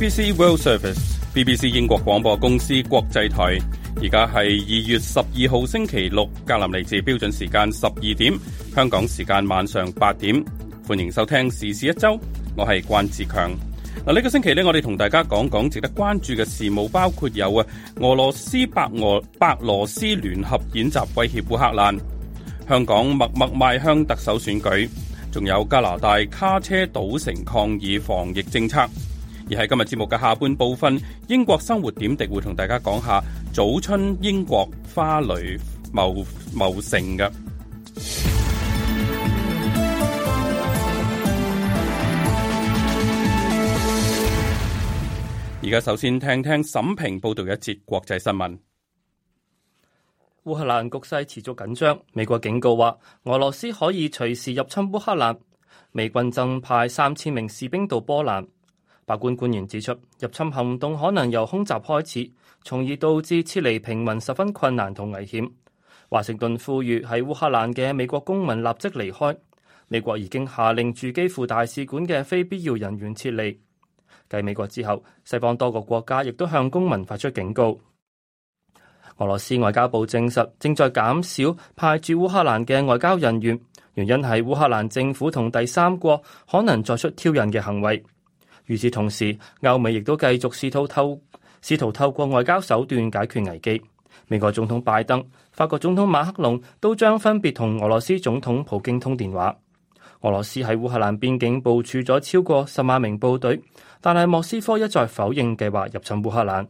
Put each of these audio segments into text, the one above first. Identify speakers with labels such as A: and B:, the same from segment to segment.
A: BBC World Service，BBC 英國廣播公司國際台。而家係二月十二號星期六，格林尼治標準時間十二點，香港時間晚上八點。歡迎收聽時事一周。我係關志強嗱。呢、啊，這個星期呢，我哋同大家講講值得關注嘅事務，包括有啊，俄羅斯白俄白羅斯聯合演習威脅烏克蘭，香港默默邁向特首選舉，仲有加拿大卡車堵城抗議防疫政策。而喺今日節目嘅下半部分，英國生活點滴會同大家講下早春英國花蕾茂茂盛嘅。而家首先聽聽沈平報道嘅一節國際新聞。
B: 烏克蘭局勢持續緊張，美國警告話俄羅斯可以隨時入侵烏克蘭，美軍增派三千名士兵到波蘭。白宮官員指出，入侵行動可能由空襲開始，從而導致撤離平民十分困難同危險。華盛頓呼籲喺烏克蘭嘅美國公民立即離開。美國已經下令駐基輔大使館嘅非必要人員撤離。繼美國之後，西方多個國家亦都向公民發出警告。俄羅斯外交部證實，正在減少派駐烏克蘭嘅外交人員，原因係烏克蘭政府同第三國可能作出挑釁嘅行為。與此同時，歐美亦都繼續試圖透試圖透過外交手段解決危機。美國總統拜登、法國總統馬克龍都將分別同俄羅斯總統普京通電話。俄羅斯喺烏克蘭邊境部署咗超過十萬名部隊，但係莫斯科一再否認計劃入侵烏克蘭。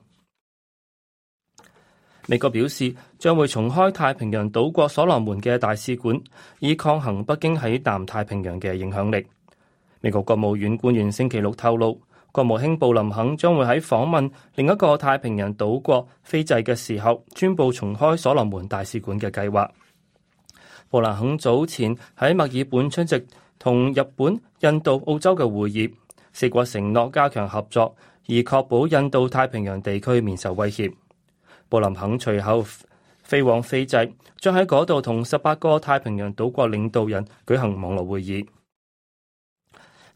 B: 美國表示將會重開太平洋島國所羅門嘅大使館，以抗衡北京喺南太平洋嘅影響力。美國國務院官員星期六透露，國務卿布林肯將會喺訪問另一個太平洋島國斐濟嘅時候，宣佈重開所羅門大使館嘅計劃。布林肯早前喺墨爾本出席同日本、印度、澳洲嘅會議，四國承諾加強合作，以確保印度太平洋地區免受威脅。布林肯隨後飛往斐濟，將喺嗰度同十八個太平洋島國領導人舉行網絡會議。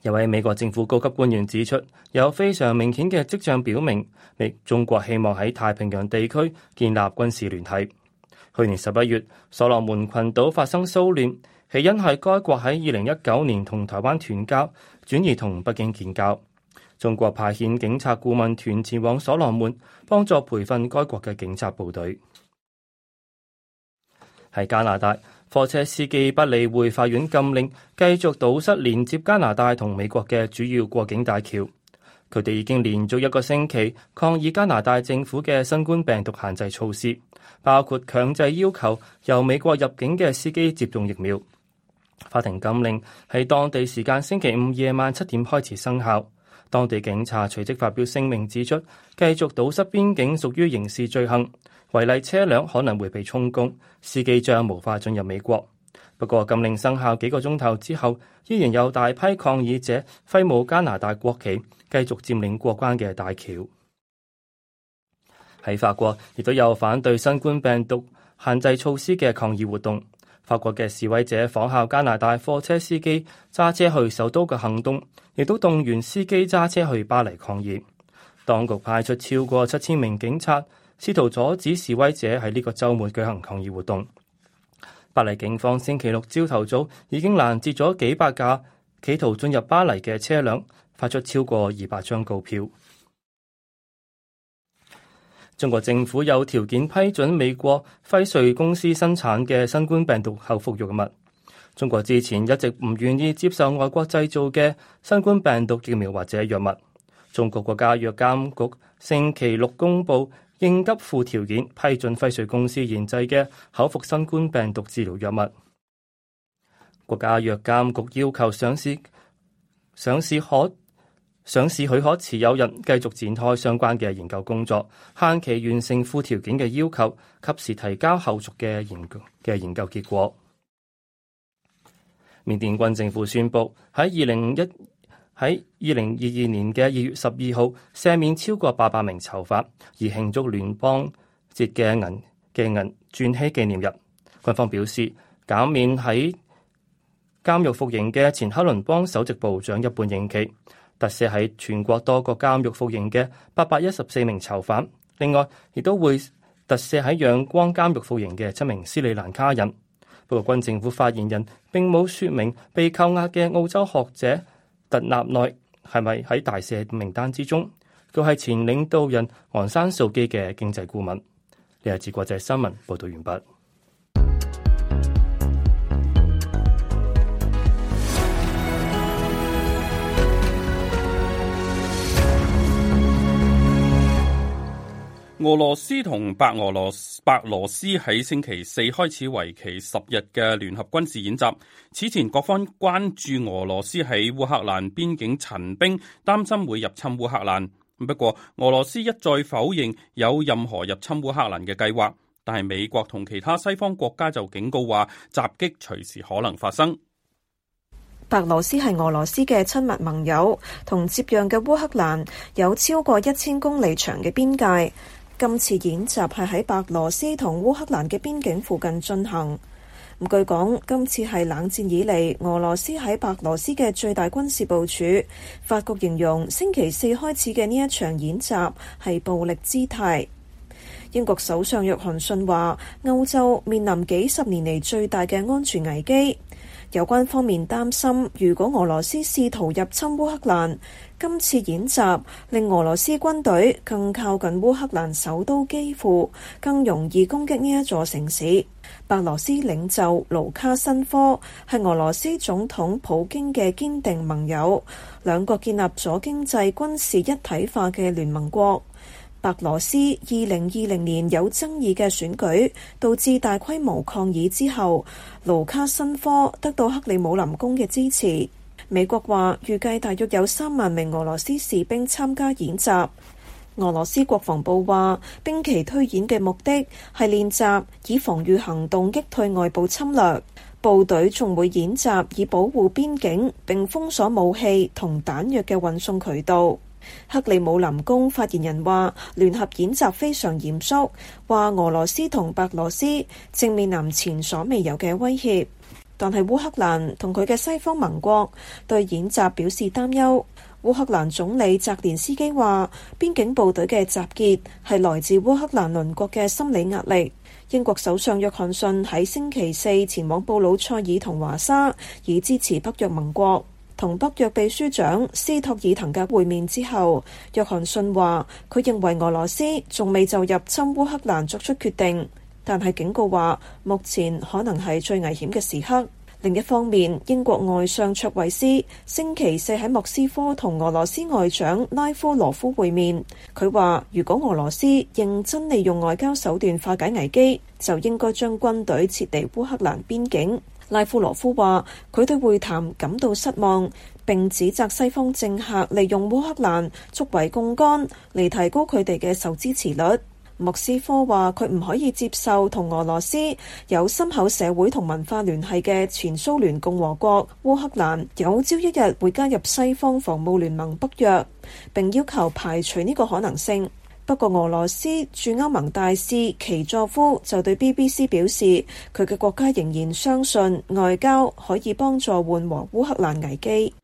B: 有位美國政府高級官員指出，有非常明顯嘅跡象表明，明中國希望喺太平洋地區建立軍事聯繫。去年十一月，所羅門群島發生騷亂，起因係該國喺二零一九年同台灣斷交，轉而同北京建交。中國派遣警察顧問團前往所羅門，幫助培訓該國嘅警察部隊。喺加拿大，貨車司機不理會法院禁令，繼續堵塞連接加拿大同美國嘅主要過境大橋。佢哋已經連續一個星期抗議加拿大政府嘅新冠病毒限制措施，包括強制要求由美國入境嘅司機接種疫苗。法庭禁令喺當地時間星期五夜晚七點開始生效。當地警察隨即發表聲明指出，繼續堵塞邊境屬於刑事罪行。違例車輛可能會被充公，司機將無法進入美國。不過禁令生效幾個鐘頭之後，依然有大批抗議者揮舞加拿大國旗，繼續佔領過關嘅大橋。喺法國亦都有反對新冠病毒限制措施嘅抗議活動。法國嘅示威者仿效加拿大貨車司機揸車去首都嘅行動，亦都動員司機揸車去巴黎抗議。當局派出超過七千名警察。試圖阻止示威者喺呢個週末舉行抗議活動。巴黎警方星期六朝頭早已經攔截咗幾百架企圖進入巴黎嘅車輛，發出超過二百張告票。中國政府有條件批准美國輝瑞公司生產嘅新冠病毒口服藥物。中國之前一直唔願意接受外國製造嘅新冠病毒疫苗或者藥物。中國國家藥監局星期六公布。應急附條件批准輝瑞公司研製嘅口服新冠病毒治療藥物。國家藥監局要求上市上市可上市許可持有人繼續展開相關嘅研究工作，限期完成附條件嘅要求，及時提交後續嘅研嘅研究結果。緬甸軍政府宣布喺二零一。喺二零二二年嘅二月十二號，赦免超過八百名囚犯，而慶祝聯邦節嘅銀嘅銀鑽禧紀念日。軍方表示，減免喺監獄服刑嘅前克倫邦首席部長一半刑期，特赦喺全國多個監獄服刑嘅八百一十四名囚犯。另外，亦都會特赦喺仰光監獄服刑嘅七名斯里蘭卡人。不過，軍政府發言人並冇説明被扣押嘅澳洲學者。特納內係咪喺大赦名單之中？佢係前領導人昂山素姬嘅經濟顧問。呢日係《國際新聞》報道完畢。
A: 俄羅斯同白俄羅斯喺星期四開始為期十日嘅聯合軍事演習。此前，各方關注俄羅斯喺烏克蘭邊境陳兵，擔心會入侵烏克蘭。不過，俄羅斯一再否認有任何入侵烏克蘭嘅計劃。但係美國同其他西方國家就警告話襲擊隨時可能發生。
C: 白羅斯係俄羅斯嘅親密盟友，同接壤嘅烏克蘭有超過一千公里長嘅邊界。今次演習係喺白羅斯同烏克蘭嘅邊境附近進行。咁據講，今次係冷戰以嚟俄羅斯喺白羅斯嘅最大軍事部署。法國形容星期四開始嘅呢一場演習係暴力姿態。英國首相約翰遜話：歐洲面臨幾十年嚟最大嘅安全危機。有關方面擔心，如果俄羅斯試圖入侵烏克蘭，今次演習令俄羅斯軍隊更靠近烏克蘭首都基輔，更容易攻擊呢一座城市。白羅斯領袖盧卡申科係俄羅斯總統普京嘅堅定盟友，兩國建立咗經濟軍事一體化嘅聯盟國。白羅斯二零二零年有爭議嘅選舉導致大規模抗議之後，盧卡申科得到克里姆林宮嘅支持。美國話預計大約有三萬名俄羅斯士兵參加演習。俄羅斯國防部話，兵棋推演嘅目的係練習以防禦行動擊退外部侵略，部隊仲會演習以保護邊境並封鎖武器同彈藥嘅運送渠道。克里姆林宮發言人話，聯合演習非常嚴肅，話俄羅斯同白羅斯正面臨前所未有嘅威脅。但係烏克蘭同佢嘅西方盟國對演習表示擔憂。烏克蘭總理澤連斯基話，邊境部隊嘅集結係來自烏克蘭鄰國嘅心理壓力。英國首相約翰遜喺星期四前往布魯塞爾同華沙，以支持北約盟國。同北約秘書長斯托爾滕嘅會面之後，約翰遜話佢認為俄羅斯仲未就入侵烏克蘭作出決定，但係警告話目前可能係最危險嘅時刻。另一方面，英國外相卓慧斯星期四喺莫斯科同俄羅斯外長拉夫羅夫會面，佢話如果俄羅斯認真利用外交手段化解危機，就應該將軍隊撤離烏克蘭邊境。拉夫羅夫話：佢對會談感到失望，並指責西方政客利用烏克蘭作為槓桿嚟提高佢哋嘅受支持率。莫斯科話：佢唔可以接受同俄羅斯有深厚社會同文化聯繫嘅前蘇聯共和國烏克蘭有朝一日會加入西方防務聯盟北約，並要求排除呢個可能性。不過，俄羅斯駐歐盟大使奇佐夫就對 BBC 表示，佢嘅國家仍然相信外交可以幫助緩和烏克蘭危機。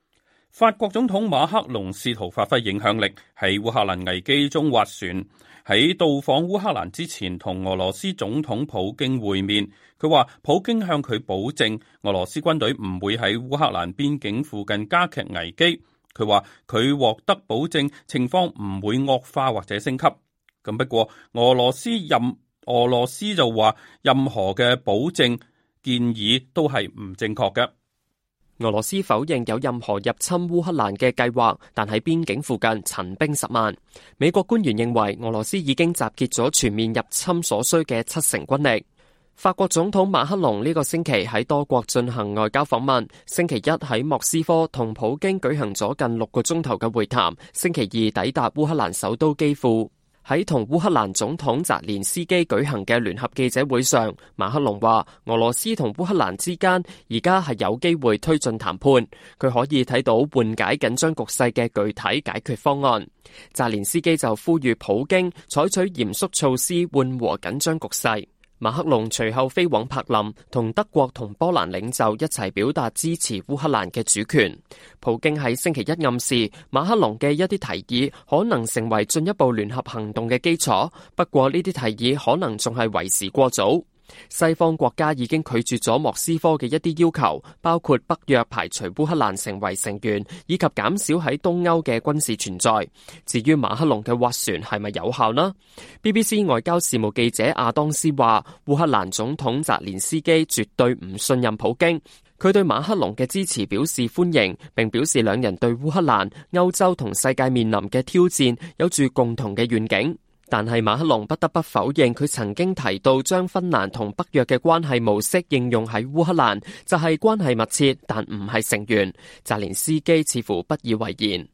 A: 法國總統馬克龍試圖發揮影響力，喺烏克蘭危機中斡旋。喺到訪烏克蘭之前，同俄羅斯總統普京會面，佢話普京向佢保證，俄羅斯軍隊唔會喺烏克蘭邊境附近加劇危機。佢話佢獲得保證，情況唔會惡化或者升級。咁不過俄羅斯任俄羅斯就話，任何嘅保證建議都係唔正確嘅。俄羅斯否認有任何
D: 入侵烏克蘭嘅計劃，但喺邊境附近陳兵十萬。美國官員認為俄羅斯已經集結咗全面入侵所需嘅七成軍力。法國總統馬克龍呢個星期喺多國進行外交訪問。星期一喺莫斯科同普京舉行咗近六個鐘頭嘅會談。星期二抵達烏克蘭首都基輔。喺同烏克蘭總統澤連斯基舉行嘅聯合記者會上，馬克龍話：俄羅斯同烏克蘭之間而家係有機會推進談判，佢可以睇到緩解緊張局勢嘅具體解決方案。澤連斯基就呼籲普京採取嚴肅措施緩和緊張局勢。馬克龍隨後飛往柏林，同德國同波蘭領袖一齊表達支持烏克蘭嘅主權。普京喺星期一暗示，馬克龍嘅一啲提議可能成為進一步聯合行動嘅基礎，不過呢啲提議可能仲係為時過早。西方國家已經拒絕咗莫斯科嘅一啲要求，包括北約排除烏克蘭成為成員，以及減少喺東歐嘅軍事存在。至於馬克龍嘅划船係咪有效呢？BBC 外交事務記者阿當斯話，烏克蘭總統澤連斯基絕對唔信任普京，佢對馬克龍嘅支持表示歡迎，並表示兩人對烏克蘭、歐洲同世界面臨嘅挑戰有住共同嘅願景。但係馬克龍不得不否認，佢曾經提到將芬蘭同北約嘅關係模式應用喺烏克蘭，就係關係密切但唔係成員。澤連斯基似乎不以為然。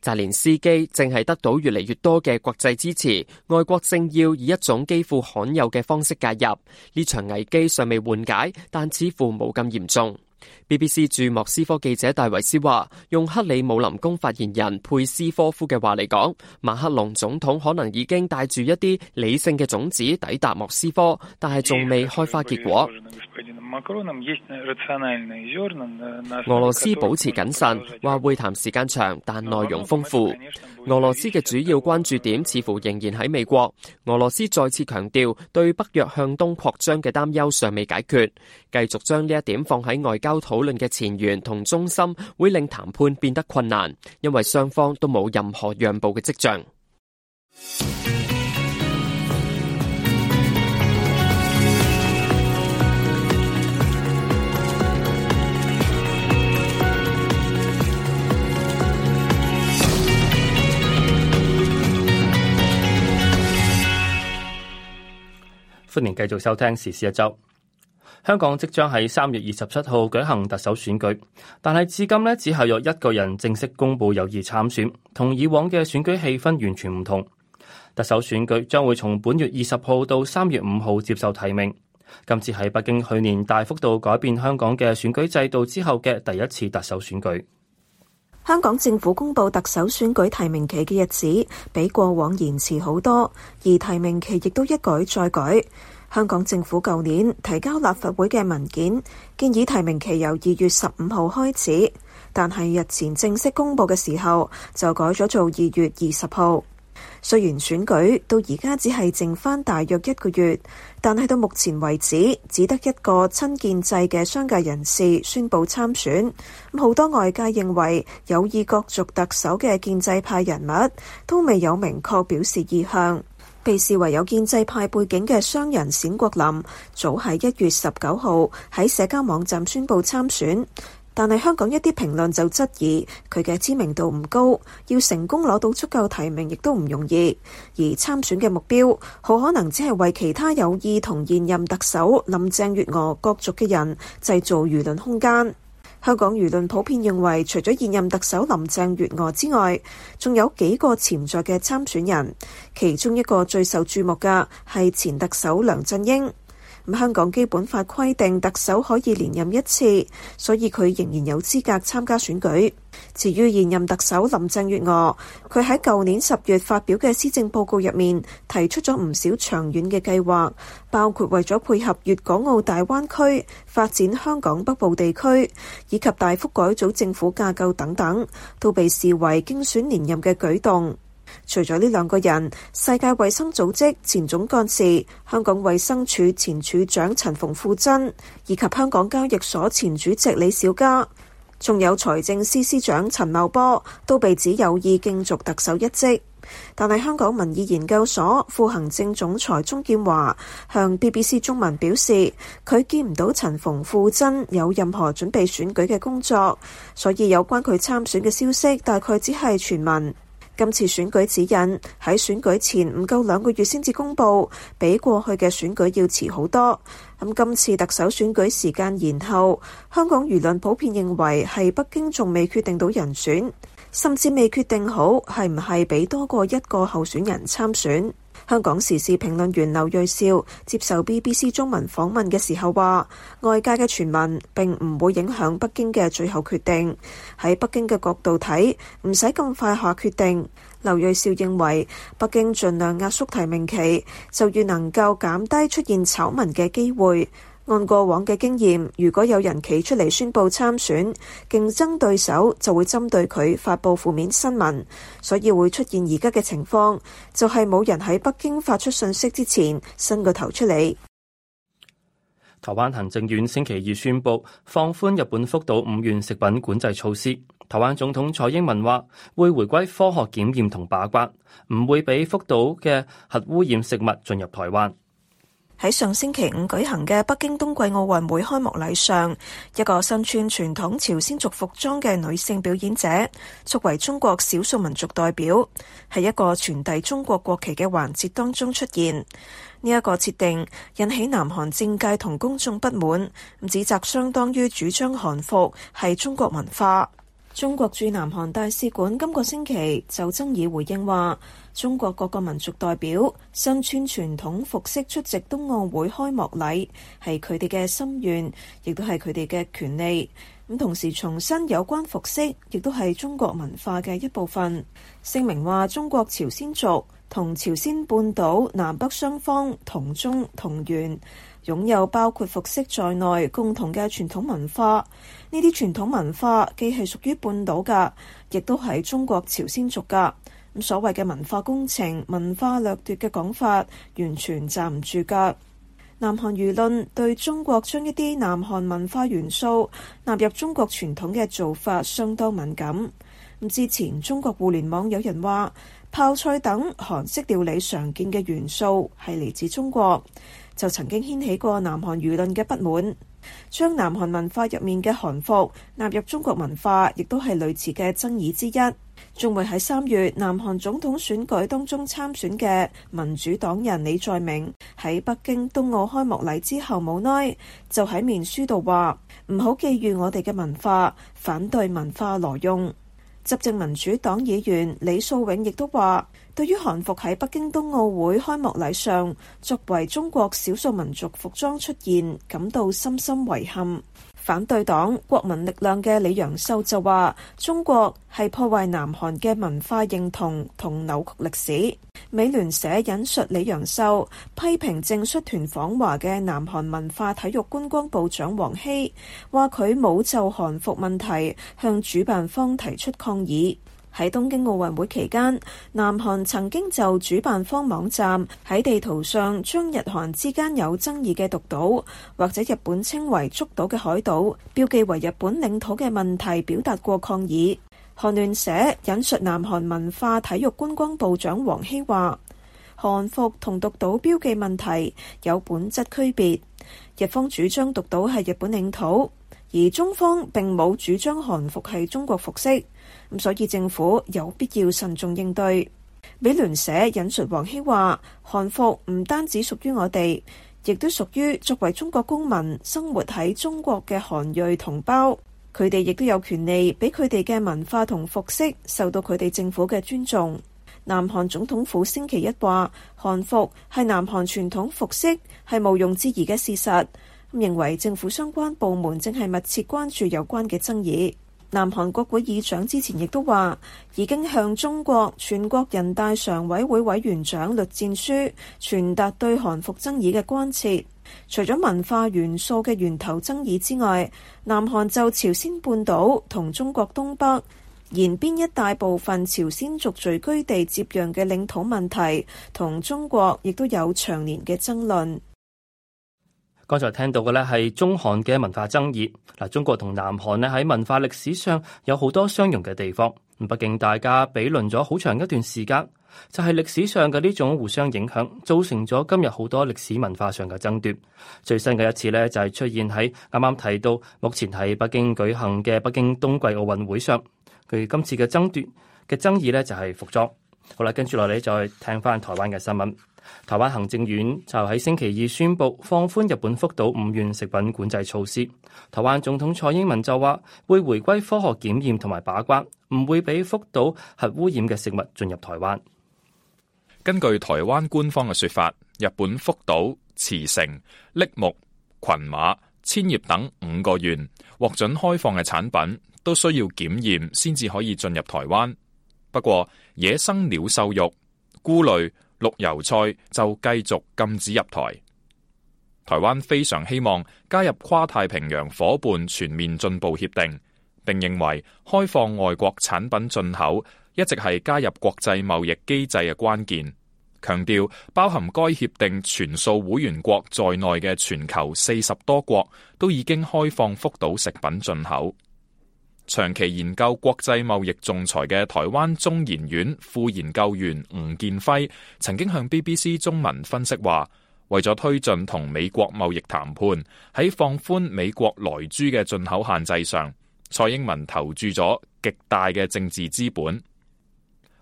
D: 澤連斯基正係得到越嚟越多嘅國際支持，外國政要以一種幾乎罕有嘅方式介入。呢場危機尚未緩解，但似乎冇咁嚴重。BBC 駐莫斯科記者戴維斯話，用克里姆林宮發言人佩斯科夫嘅話嚟講，馬克龍總統可能已經帶住一啲理性嘅種子抵達莫斯科，但係仲未開花結果。
B: 俄羅
D: 斯保持謹慎，話會談時間長，但內容豐富。俄羅斯嘅主要關注點似乎仍然喺美國。俄羅斯再次強調，對北約向東擴張嘅擔憂尚未解決，繼續將呢一點放喺外交交討論嘅前緣同中心，會令談判變得困難，因為雙方都冇任何讓步嘅迹象。
B: 歡迎繼續收聽時事一周。香港即將喺三月二十七號舉行特首選舉，但係至今呢，只係有一個人正式公布有意參選，同以往嘅選舉氣氛完全唔同。特首選舉將會從本月二十號到三月五號接受提名。今次係北京去年大幅度改變香港嘅選舉制度之後嘅第一次特首選舉。
C: 香港政府公布特首選舉提名期嘅日子比過往延遲好多，而提名期亦都一改再改。香港政府舊年提交立法會嘅文件，建議提名期由二月十五號開始，但係日前正式公布嘅時候就改咗做二月二十號。雖然選舉到而家只係剩翻大約一個月，但係到目前為止，只得一個親建制嘅商界人士宣布參選。好多外界認為有意角逐特首嘅建制派人物都未有明確表示意向。被視為有建制派背景嘅商人冼國林，早喺一月十九號喺社交網站宣布參選，但係香港一啲評論就質疑佢嘅知名度唔高，要成功攞到足夠提名亦都唔容易，而參選嘅目標，好可能只係為其他有意同現任特首林鄭月娥角逐嘅人製造輿論空間。香港輿論普遍認為，除咗現任特首林鄭月娥之外，仲有幾個潛在嘅參選人，其中一個最受注目嘅係前特首梁振英。香港基本法規定特首可以連任一次，所以佢仍然有資格參加選舉。至於現任特首林鄭月娥，佢喺舊年十月發表嘅施政報告入面提出咗唔少長遠嘅計劃，包括為咗配合粵港澳大灣區發展香港北部地區，以及大幅改組政府架構等等，都被視為競選連任嘅舉動。除咗呢兩個人，世界衛生組織前總幹事、香港衛生署前署長陳馮富珍以及香港交易所前主席李小加，仲有財政司司長陳茂波，都被指有意競逐特首一職。但係，香港民意研究所副行政總裁鍾建華向 BBC 中文表示，佢見唔到陳馮富珍有任何準備選舉嘅工作，所以有關佢參選嘅消息大概只係傳聞。今次選舉指引喺選舉前唔夠兩個月先至公佈，比過去嘅選舉要遲好多。咁今次特首選舉時間延後，香港輿論普遍認為係北京仲未決定到人選，甚至未決定好係唔係俾多過一個候選人參選。香港時事評論員劉瑞兆接受 BBC 中文訪問嘅時候話：外界嘅傳聞並唔會影響北京嘅最後決定。喺北京嘅角度睇，唔使咁快下決定。劉瑞兆認為，北京盡量壓縮提名期，就愈能夠減低出現醜聞嘅機會。按過往嘅經驗，如果有人企出嚟宣佈參選，競爭對手就會針對佢發佈負面新聞，所以會出現而家嘅情況，就係冇人喺北京發出信息之前，伸個頭出嚟。
B: 台灣行政院星期二宣布放寬日本福島五縣食品管制措施。台灣總統蔡英文話會回歸科學檢驗同把關，唔會俾福島嘅核污染食物進入台灣。
C: 喺上星期五舉行嘅北京冬季奧運會開幕禮上，一個身穿傳統朝鮮族服裝嘅女性表演者，作為中國少數民族代表，喺一個傳遞中國國旗嘅環節當中出現。呢一個設定引起南韓政界同公眾不滿，指責相當於主張韓服係中國文化。中國駐南韓大使館今個星期就爭議回應話，中國各個民族代表身穿傳統服飾出席冬奧會開幕禮，係佢哋嘅心願，亦都係佢哋嘅權利。咁同時重申有關服飾，亦都係中國文化嘅一部分。聲明話，中國朝鮮族同朝鮮半島南北雙方同宗同源，擁有包括服飾在內共同嘅傳統文化。呢啲傳統文化既係屬於半島噶，亦都係中國朝鮮族噶。咁所謂嘅文化工程、文化掠奪嘅講法，完全站唔住噶。南韓輿論對中國將一啲南韓文化元素納入中國傳統嘅做法相當敏感。咁之前中國互聯網有人話泡菜等韓式料理常見嘅元素係嚟自中國，就曾經掀起過南韓輿論嘅不滿。將南韓文化入面嘅韓服納入中國文化，亦都係類似嘅爭議之一。仲會喺三月南韓總統選舉當中參選嘅民主黨人李在明喺北京冬奧開幕禮之後，冇耐，就喺面書度話，唔好覬覦我哋嘅文化，反對文化挪用。執政民主黨議員李素永亦都話。對於韓服喺北京冬奧會開幕禮上作為中國少數民族服裝出現，感到深深遺憾。反對黨國民力量嘅李陽秀就話：中國係破壞南韓嘅文化認同同扭曲歷史。美聯社引述李陽秀批評正率團訪華嘅南韓文化體育觀光部長黃熙話佢冇就韓服問題向主辦方提出抗議。喺東京奧運會期間，南韓曾經就主辦方網站喺地圖上將日韓之間有爭議嘅獨島，或者日本稱為竹島嘅海島，標記為日本領土嘅問題表達過抗議。韓聯社引述南韓文化體育觀光部長黃熙話：韓服同獨島標記問題有本質區別。日方主張獨島係日本領土，而中方並冇主張韓服係中國服飾。咁所以政府有必要慎重應對。美聯社引述王希話：韓服唔單止屬於我哋，亦都屬於作為中國公民生活喺中國嘅韓裔同胞，佢哋亦都有權利俾佢哋嘅文化同服飾受到佢哋政府嘅尊重。南韓總統府星期一話：韓服係南韓傳統服飾係毋庸置疑嘅事實，認為政府相關部門正係密切關注有關嘅爭議。南韓國會議長之前亦都話，已經向中國全國人大常委會委員長栗戰書傳達對韓服爭議嘅關切。除咗文化元素嘅源頭爭議之外，南韓就朝鮮半島同中國東北沿邊一大部分朝鮮族聚居地接壤嘅領土問題，同中國亦都有長年嘅爭論。
B: 剛才聽到嘅咧係中韓嘅文化爭議。嗱，中國同南韓咧喺文化歷史上有好多相容嘅地方。畢竟大家比鄰咗好長一段時間，就係歷史上嘅呢種互相影響，造成咗今日好多歷史文化上嘅爭奪。最新嘅一次呢，就係出現喺啱啱提到，目前喺北京舉行嘅北京冬季奧運會上，佢今次嘅爭奪嘅爭議呢，就係服裝。好啦，跟住落嚟再聽翻台灣嘅新聞。台灣行政院，就喺星期二宣布放寬日本福島五縣食品管制措施。台灣總統蔡英文就話會回歸科學檢驗同埋把關，
E: 唔會俾福島核污染嘅食物進入台灣。根據台灣官方嘅說法，日本福島、茨城、櫪木、群馬、千葉等五個縣獲准開放嘅產品都需要檢驗先至可以進入台灣。不過，野生鳥獸肉、菇類、綠油菜就繼續禁止入台。台灣非常希望加入跨太平洋夥伴全面進步協定，並認為開放外國產品進口一直係加入國際貿易機制嘅關鍵。強調包含該協定全數會員國在內嘅全球四十多國都已經開放福島食品進口。長期研究國際貿易仲裁嘅台灣中研院副研究員吳建輝曾經向 BBC 中文分析話：為咗推進同美國貿易談判，喺放寬美國萊豬嘅進口限制上，蔡英文投注咗極大嘅政治資本。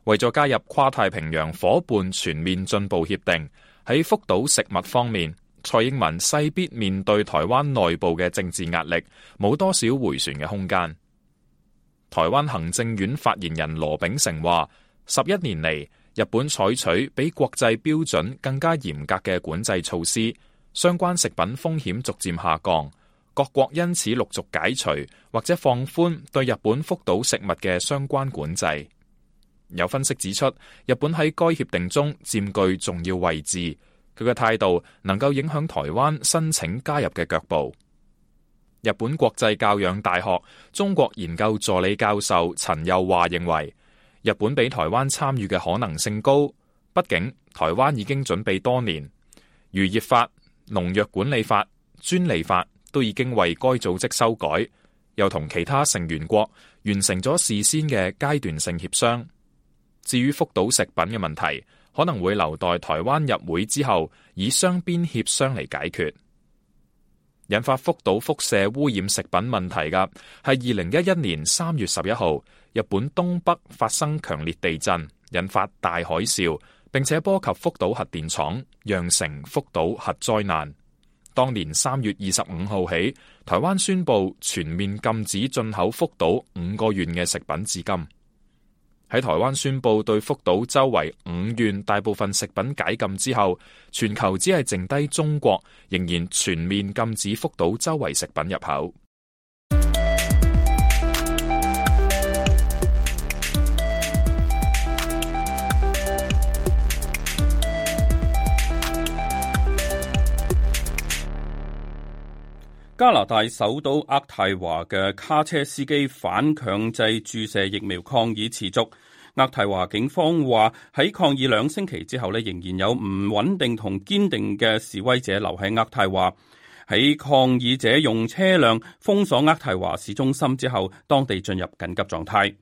E: 為咗加入跨太平洋夥伴全面進步協定，喺福島食物方面，蔡英文勢必面對台灣內部嘅政治壓力，冇多少回旋嘅空間。台灣行政院發言人羅秉成話：十一年嚟，日本採取比國際標準更加嚴格嘅管制措施，相關食品風險逐漸下降，各國因此陸續解除或者放寬對日本福島食物嘅相關管制。有分析指出，日本喺該協定中佔據重要位置，佢嘅態度能夠影響台灣申請加入嘅腳步。日本國際教養大學中國研究助理教授陳又華認為，日本比台灣參與嘅可能性高，畢竟台灣已經準備多年，漁業法、農藥管理法、專利法都已經為該組織修改，又同其他成員國完成咗事先嘅階段性協商。至於福島食品嘅問題，可能會留待台灣入會之後以雙邊協商嚟解決。引發福島輻射污染食品問題嘅係二零一一年三月十一號，日本東北發生強烈地震，引發大海嘯，並且波及福島核電廠，釀成福島核災難。當年三月二十五號起，台灣宣布全面禁止進口福島五個縣嘅食品，至今。喺台灣宣布對福島周圍五縣大部分食品解禁之後，全球只係剩低中國，仍然全面禁止福島周圍食品入口。
A: 加拿大首都渥太華嘅卡車司機反強制注射疫苗抗議持續。渥太華警方話喺抗議兩星期之後咧，仍然有唔穩定同堅定嘅示威者留喺渥太華。喺抗議者用車輛封鎖渥太華市中心之後，當地進入緊急狀態。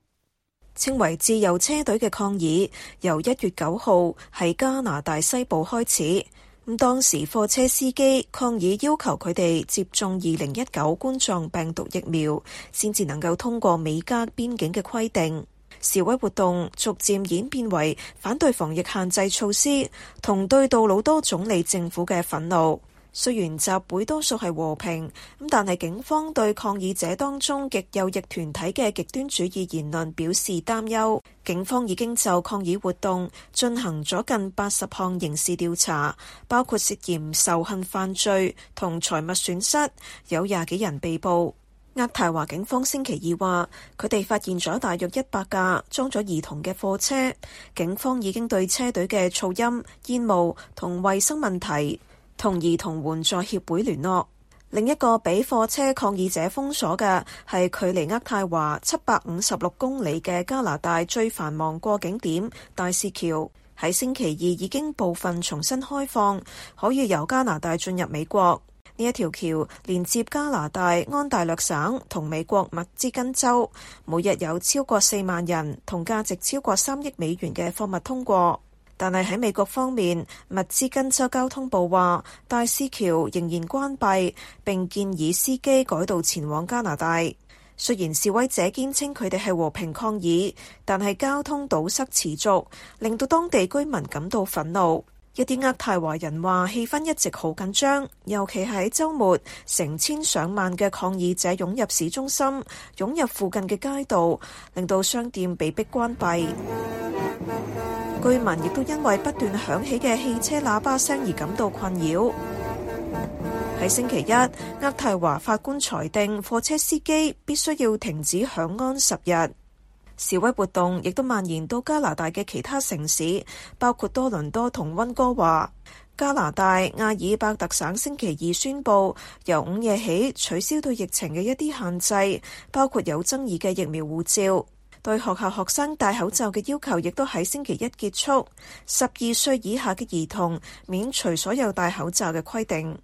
C: 稱為自由車隊嘅抗議，由一月九號喺加拿大西部開始。咁當時貨車司機抗議，要求佢哋接種二零一九冠狀病毒疫苗，先至能夠通過美加邊境嘅規定。示威活動逐漸演變為反對防疫限制措施同對杜魯多總理政府嘅憤怒。雖然集會多數係和平咁，但係警方對抗議者當中極右翼團體嘅極端主義言論表示擔憂。警方已經就抗議活動進行咗近八十項刑事調查，包括涉嫌仇恨犯罪同財物損失，有廿幾人被捕。渥太華警方星期二話，佢哋發現咗大約一百架裝咗兒童嘅貨車。警方已經對車隊嘅噪音、煙霧同衛生問題。同兒童援助協會聯絡。另一個被貨車抗議者封鎖嘅係距離渥太華七百五十六公里嘅加拿大最繁忙過境點——大使橋，喺星期二已經部分重新開放，可以由加拿大進入美國。呢一條橋連接加拿大安大略省同美國密芝根州，每日有超過四萬人同價值超過三億美元嘅貨物通過。但係喺美國方面，密西根州交通部話，大使橋仍然關閉，並建議司機改道前往加拿大。雖然示威者堅稱佢哋係和平抗議，但係交通堵塞持續，令到當地居民感到憤怒。一啲渥太華人話氣氛一直好緊張，尤其喺週末，成千上萬嘅抗議者湧入市中心，湧入附近嘅街道，令到商店被迫關閉。 居民亦都因為不斷響起嘅汽車喇叭聲而感到困擾。喺星期一，渥太華法官裁定，貨車司機必須要停止響安十日。示威活動亦都蔓延到加拿大嘅其他城市，包括多倫多同溫哥華。加拿大阿爾伯特省星期二宣佈，由午夜起取消對疫情嘅一啲限制，包括有爭議嘅疫苗護照。對學校學生戴口罩嘅要求亦都喺星期一結束。十二歲以下嘅兒童免除所有戴口罩嘅規定。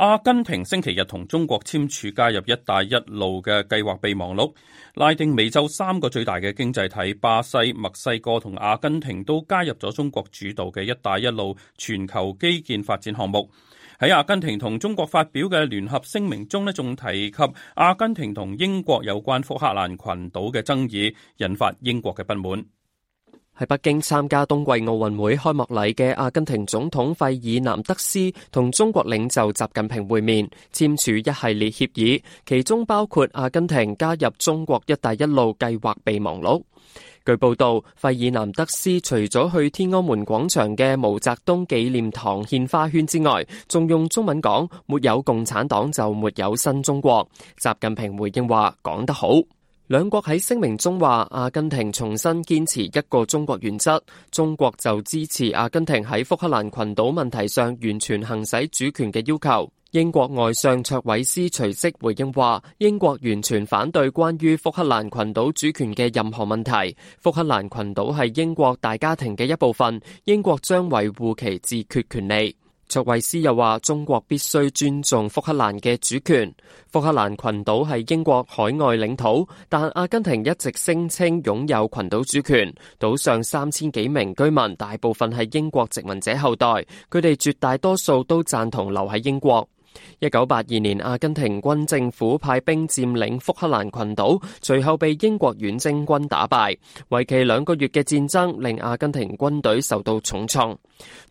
A: 阿根廷星期日同中國簽署加入“一帶一路”嘅計劃備忘錄，拉丁美洲三個最大嘅經濟體巴西、墨西哥同阿根廷都加入咗中國主導嘅“一帶一路”全球基建發展項目。喺阿根廷同中國發表嘅聯合聲明中呢，仲提及阿根廷同英國有關福克蘭群島嘅爭議，引發英國嘅不滿。
D: 喺北京參加冬季奧運會開幕禮嘅阿根廷總統費爾南德斯同中國領袖習近平會面，簽署一系列協議，其中包括阿根廷加入中國一帶一路計劃備忘錄。據報道，費爾南德斯除咗去天安門廣場嘅毛澤東紀念堂獻花圈之外，仲用中文講：沒有共產黨就沒有新中國。習近平回應話：講得好。兩國喺聲明中話，阿根廷重新堅持一個中國原則，中國就支持阿根廷喺福克蘭群島問題上完全行使主權嘅要求。英國外相卓慧思隨即回應話，英國完全反對關於福克蘭群島主權嘅任何問題。福克蘭群島係英國大家庭嘅一部分，英國將維護其自決權利。卓維斯又話：中國必須尊重福克蘭嘅主權。福克蘭群島係英國海外領土，但阿根廷一直聲稱擁有群島主權。島上三千幾名居民，大部分係英國殖民者後代，佢哋絕大多數都贊同留喺英國。一九八二年，阿根廷軍政府派兵佔領福克蘭群島，隨後被英國遠征軍打敗。為期兩個月嘅戰爭令阿根廷軍隊受到重創。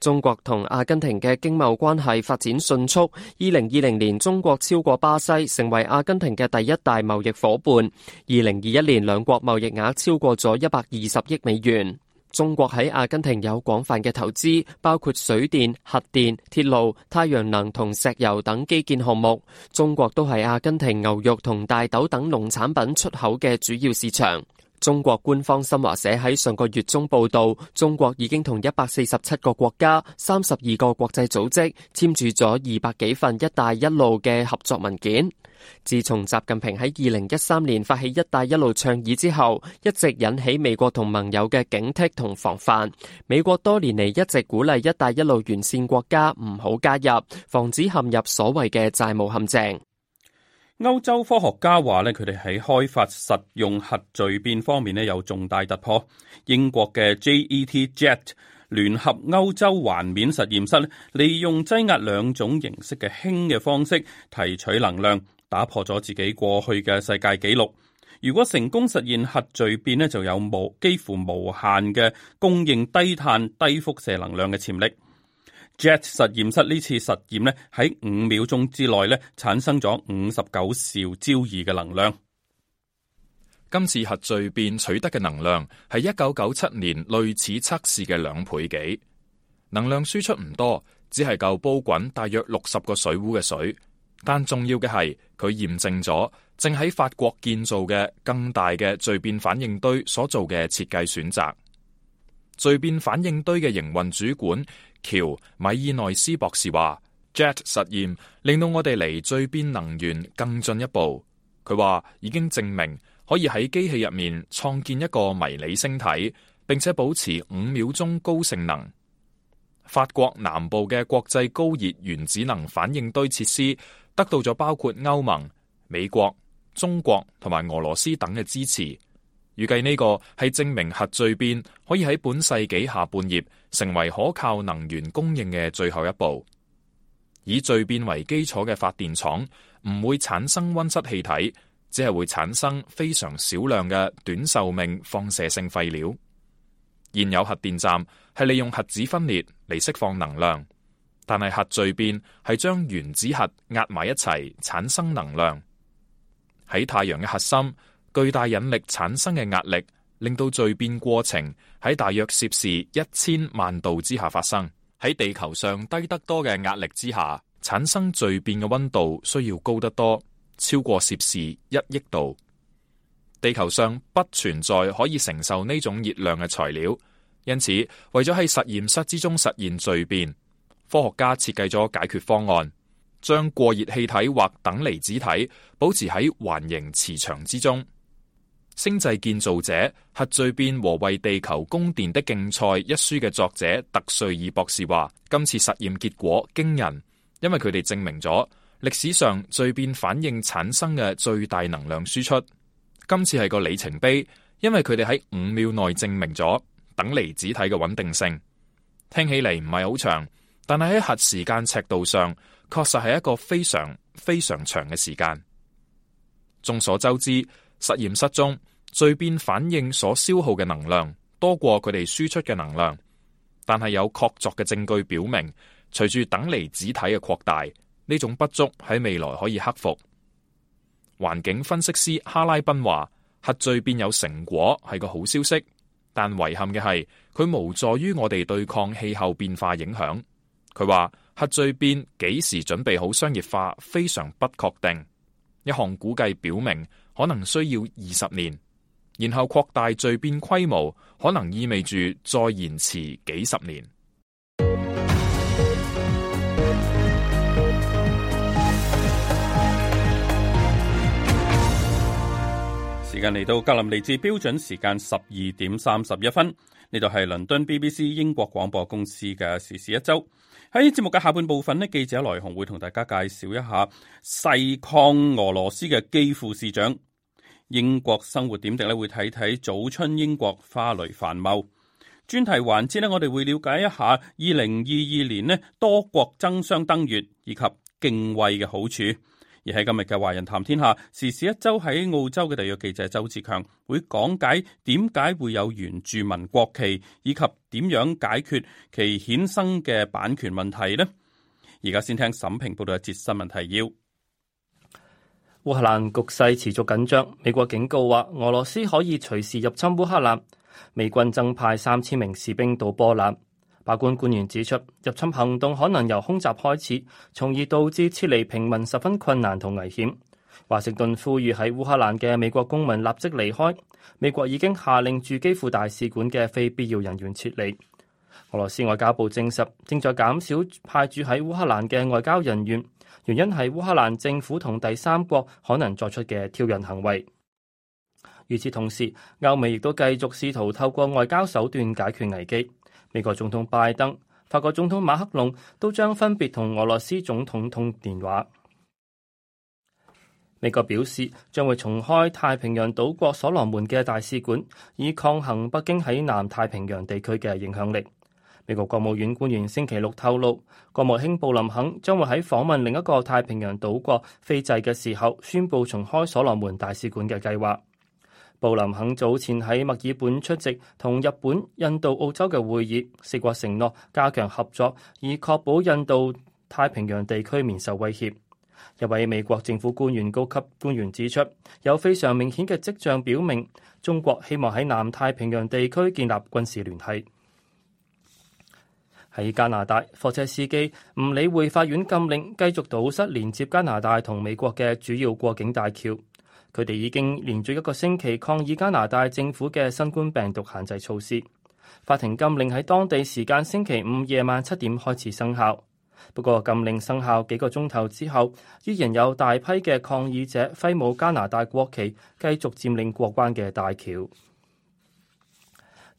D: 中國同阿根廷嘅經貿關係發展迅速。二零二零年，中國超過巴西，成為阿根廷嘅第一大貿易夥伴。二零二一年，兩國貿易額超過咗一百二十億美元。中國喺阿根廷有廣泛嘅投資，包括水電、核電、鐵路、太陽能同石油等基建項目。中國都係阿根廷牛肉同大豆等農產品出口嘅主要市場。中國官方新華社喺上個月中報道，中國已經同一百四十七個國家、三十二個國際組織簽署咗二百幾份“一帶一路”嘅合作文件。自從習近平喺二零一三年發起一帶一路倡議之後，一直引起美國同盟友嘅警惕同防範。美國多年嚟一直鼓勵一帶一路沿線國家唔好加入，防止陷入所謂嘅債務陷阱。
A: 歐洲科學家話呢，佢哋喺開發實用核聚變方面呢，有重大突破。英國嘅 JET Jet 聯合歐洲環面實驗室利用擠壓兩種形式嘅氫嘅方式提取能量。打破咗自己過去嘅世界紀錄。如果成功實現核聚變呢，就有無幾乎無限嘅供應低碳、低輻射能量嘅潛力。Jet 實驗室呢次實驗呢，喺五秒鐘之內呢產生咗五十九兆焦耳嘅能量。今次核聚變取
E: 得嘅能量係一九九七年類似測試嘅兩倍幾。能量輸出唔多，只係夠煲滾大約六十個水壺嘅水。但重要嘅係，佢驗證咗正喺法國建造嘅更大嘅聚變反應堆所做嘅設計選擇。聚變反應堆嘅營運主管喬米爾內斯博士話，Jet 實驗令到我哋離聚變能源更進一步。佢話已經證明可以喺機器入面創建一個迷你星體，並且保持五秒鐘高性能。法國南部嘅國際高熱原子能反應堆設施。得到咗包括歐盟、美國、中國同埋俄羅斯等嘅支持，預計呢個係證明核聚變可以喺本世紀下半葉成為可靠能源供應嘅最後一步。以聚變為基礎嘅發電廠唔會產生温室氣體，只係會產生非常少量嘅短壽命放射性廢料。現有核電站係利用核子分裂嚟釋放能量。但係核聚變係將原子核壓埋一齊產生能量。喺太陽嘅核心，巨大引力產生嘅壓力令到聚變過程喺大約攝氏一千萬度之下發生。喺地球上低得多嘅壓力之下，產生聚變嘅溫度需要高得多，超過攝氏一億度。地球上不存在可以承受呢種熱量嘅材料，因此為咗喺實驗室之中實現聚變。科學家設計咗解決方案，將過熱氣體或等離子體保持喺環形磁場之中。星際建造者核聚變和為地球供電的競賽一書嘅作者特瑞爾博士話，今次實驗結果驚人，因為佢哋證明咗歷史上聚變反應產生嘅最大能量輸出。今次係個里程碑，因為佢哋喺五秒內證明咗等離子體嘅穩定性。聽起嚟唔係好長。但係喺核時間尺度上，確實係一個非常非常長嘅時間。眾所周知，實驗室中聚變反應所消耗嘅能量多過佢哋輸出嘅能量，但係有確鑿嘅證據表明，隨住等離子體嘅擴大，呢種不足喺未來可以克服。環境分析師哈拉賓話：核聚變有成果係個好消息，但遺憾嘅係佢無助於我哋對抗氣候變化影響。佢話核聚變幾時準備好商業化非常不確定。一項估計表明可能需要二十年，然後擴大聚變規模，可能意味住再延遲幾十年。
A: 時間嚟到格林尼治標準時間十二點三十一分。呢度係倫敦 BBC 英國廣播公司嘅時事一周。喺節目嘅下半部分咧，記者來鴻會同大家介紹一下誓抗俄羅斯嘅基輔市長。英國生活點滴咧會睇睇早春英國花蕾繁茂。專題環節咧，我哋會了解一下二零二二年咧多國爭相登月以及敬畏嘅好處。而喺今日嘅《華人談天下》，時事一周喺澳洲嘅地約記者周志強會講解點解會有原住民國旗，以及點樣解決其衍生嘅版權問題呢？而家先聽沈平報道一節新聞提要。
B: 烏克蘭局勢持續緊張，美國警告話俄羅斯可以隨時入侵烏克蘭，美軍增派三千名士兵到波蘭。法官官員指出，入侵行動可能由空襲開始，從而導致撤離平民十分困難同危險。華盛頓呼籲喺烏克蘭嘅美國公民立即離開。美國已經下令駐基輔大使館嘅非必要人員撤離。俄羅斯外交部證實，正在減少派駐喺烏克蘭嘅外交人員，原因係烏克蘭政府同第三國可能作出嘅挑釁行為。與此同時，歐美亦都繼續試圖透過外交手段解決危機。美國總統拜登、法國總統馬克龍都將分別同俄羅斯總統通電話。美國表示將會重開太平洋島國所羅門嘅大使館，以抗衡北京喺南太平洋地區嘅影響力。美國國務院官員星期六透露，國務卿布林肯將會喺訪問另一個太平洋島國斐濟嘅時候，宣布重開所羅門大使館嘅計劃。布林肯早前喺墨爾本出席同日本、印度、澳洲嘅會議，四國承諾加強合作，以確保印度太平洋地區免受威脅。一位美國政府官員高級官員指出，有非常明顯嘅跡象表明，中國希望喺南太平洋地區建立軍事聯繫。喺加拿大，貨車司機唔理會法院禁令，繼續堵塞連接加拿大同美國嘅主要過境大橋。佢哋已經連續一個星期抗議加拿大政府嘅新冠病毒限制措施。法庭禁令喺當地時間星期五夜晚七點開始生效。不過禁令生效幾個鐘頭之後，依然有大批嘅抗議者揮舞加拿大國旗，繼續佔領過關嘅大橋。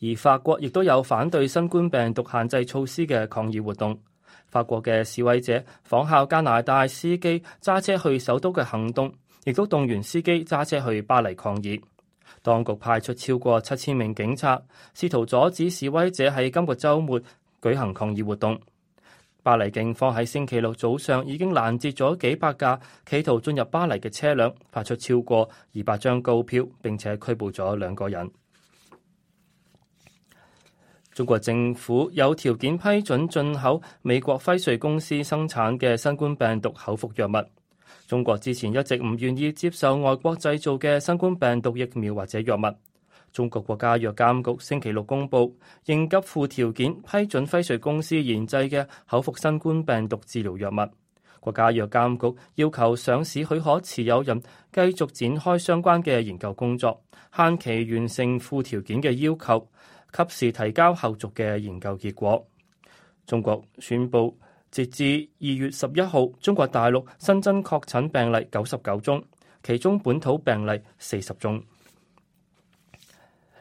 B: 而法國亦都有反對新冠病毒限制措施嘅抗議活動。法國嘅示威者仿效加拿大司機揸車去首都嘅行動。亦都動員司機揸車去巴黎抗議，當局派出超過七千名警察，試圖阻止示威者喺今個周末舉行抗議活動。巴黎警方喺星期六早上已經攔截咗幾百架企圖進入巴黎嘅車輛，發出超過二百張告票，並且拘捕咗兩個人。中國政府有條件批准進口美國輝瑞公司生產嘅新冠病毒口服藥物。中國之前一直唔願意接受外國製造嘅新冠病毒疫苗或者藥物。中國國家藥監局星期六公布，應急附條件批准輝瑞公司研製嘅口服新冠病毒治療藥物。國家藥監局要求上市許可持有人繼續展開相關嘅研究工作，限期完成附條件嘅要求，及時提交後續嘅研究結果。中國宣布，截至二月十一號，中國大陸新增確診病例九十九宗，其中本土病例四十宗。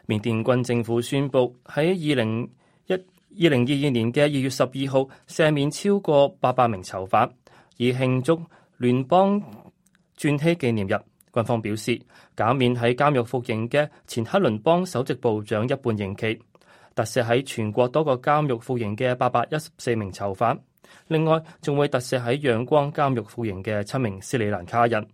B: 緬甸軍政府宣布喺二零一二零二二年嘅二月十二號赦免超過八百名囚犯，以慶祝聯邦鑽禧紀念日。軍方表示，減免喺監獄服刑嘅前克倫邦首席部長一半刑期，特赦喺全國多個監獄服刑嘅八百一十四名囚犯。另外，仲會特赦喺仰光監獄服刑嘅七名斯里蘭卡人。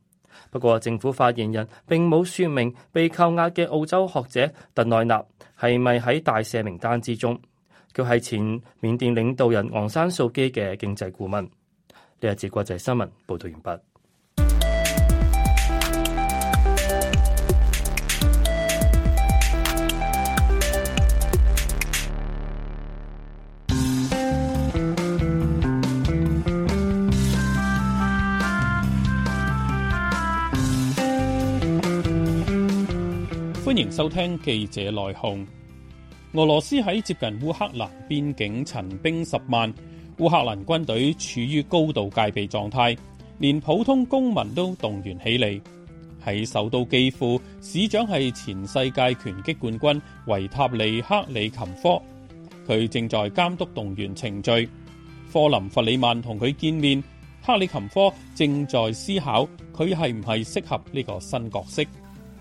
B: 不過，政府發言人並冇說明被扣押嘅澳洲學者特內納係咪喺大赦名單之中。佢係前緬甸領導人昂山素基嘅經濟顧問。呢日節國際新聞報道完畢。
A: 收聽記者來鴻。俄羅斯喺接近烏克蘭邊境陳兵十萬，烏克蘭軍隊處於高度戒備狀態，連普通公民都動員起嚟。喺首都基輔，市長係前世界拳擊冠軍維塔利·克里琴科，佢正在監督動員程序。科林·弗里曼同佢見面，克里琴科正在思考佢係唔係適合呢個新角色。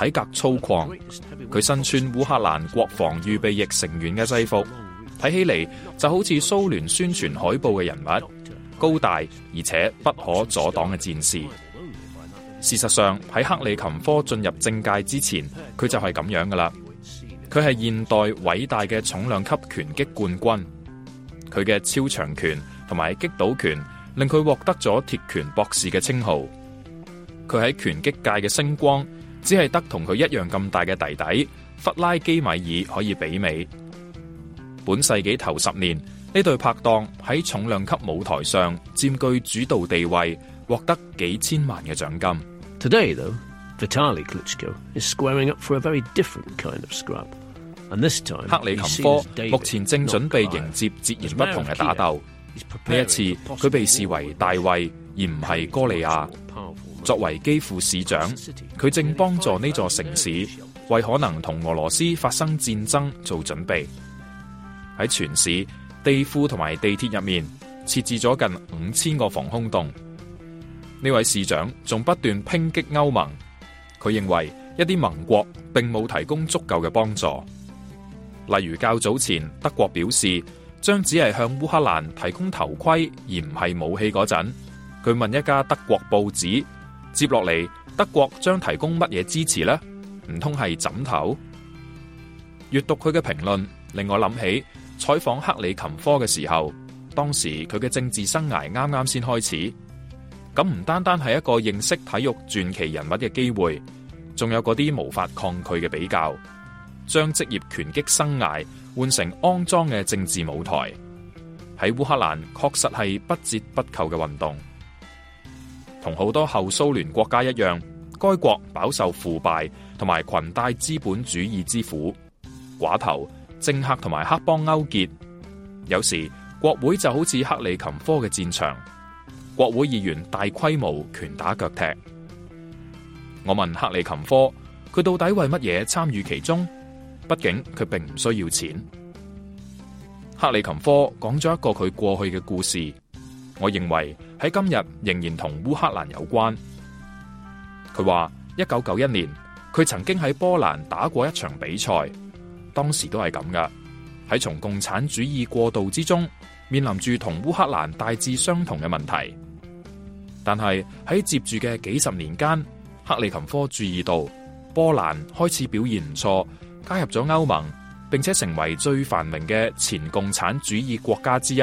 E: 體格粗獷，佢身穿烏克蘭國防預備役成員嘅制服，睇起嚟，就好似蘇聯宣傳海報嘅人物，高大而且不可阻擋嘅戰士。事實上，喺克里琴科進入政界之前，佢就係咁樣噶啦。佢係現代偉大嘅重量級拳擊冠軍，佢嘅超長拳同埋擊倒拳令佢獲得咗鐵拳博士嘅稱號。佢喺拳擊界嘅星光，只係得同佢一樣咁大嘅弟弟弗拉基米爾可以媲美。本世紀頭十年，呢對拍檔喺重量級舞台上佔據主導地位，獲得幾千萬嘅獎金。
F: Today, though, Vitali Klitschko is squaring up for a very different kind of scrap, 克里琴科目前正準
E: 備迎接截然不同嘅打鬥。呢一次，佢被視為大衛，而唔係哥利亞。作為基輔市長，佢正幫助呢座城市為可能同俄羅斯發生戰爭做準備。喺全市地庫同埋地鐵入面設置咗近五千個防空洞。呢位市長仲不斷抨擊歐盟，佢認為一啲盟國並冇提供足夠嘅幫助，例如較早前德國表示將只係向烏克蘭提供頭盔而唔係武器嗰陣，佢問一家德國報紙。接落嚟，德國將提供乜嘢支持呢？唔通係枕頭？閱讀佢嘅評論，令我諗起採訪克里琴科嘅時候，當時佢嘅政治生涯啱啱先開始。咁唔單單係一個認識體育傳奇人物嘅機會，仲有嗰啲無法抗拒嘅比較，將職業拳擊生涯換成骯髒嘅政治舞台。喺烏克蘭，確實係不折不扣嘅運動。同好多後蘇聯國家一樣，該國飽受腐敗同埋裙帶資本主義之苦，寡頭、政客同埋黑幫勾結，有時國會就好似克里琴科嘅戰場，國會議員大規模拳打腳踢。我問克里琴科，佢到底為乜嘢參與其中？畢竟佢並唔需要錢。克里琴科講咗一個佢過去嘅故事。我認為喺今日仍然同烏克蘭有關。佢話：一九九一年，佢曾經喺波蘭打過一場比賽，當時都係咁㗎。喺從共產主義過渡之中，面臨住同烏克蘭大致相同嘅問題。但係喺接住嘅幾十年間，克里琴科注意到波蘭開始表現唔錯，加入咗歐盟，並且成為最繁榮嘅前共產主義國家之一。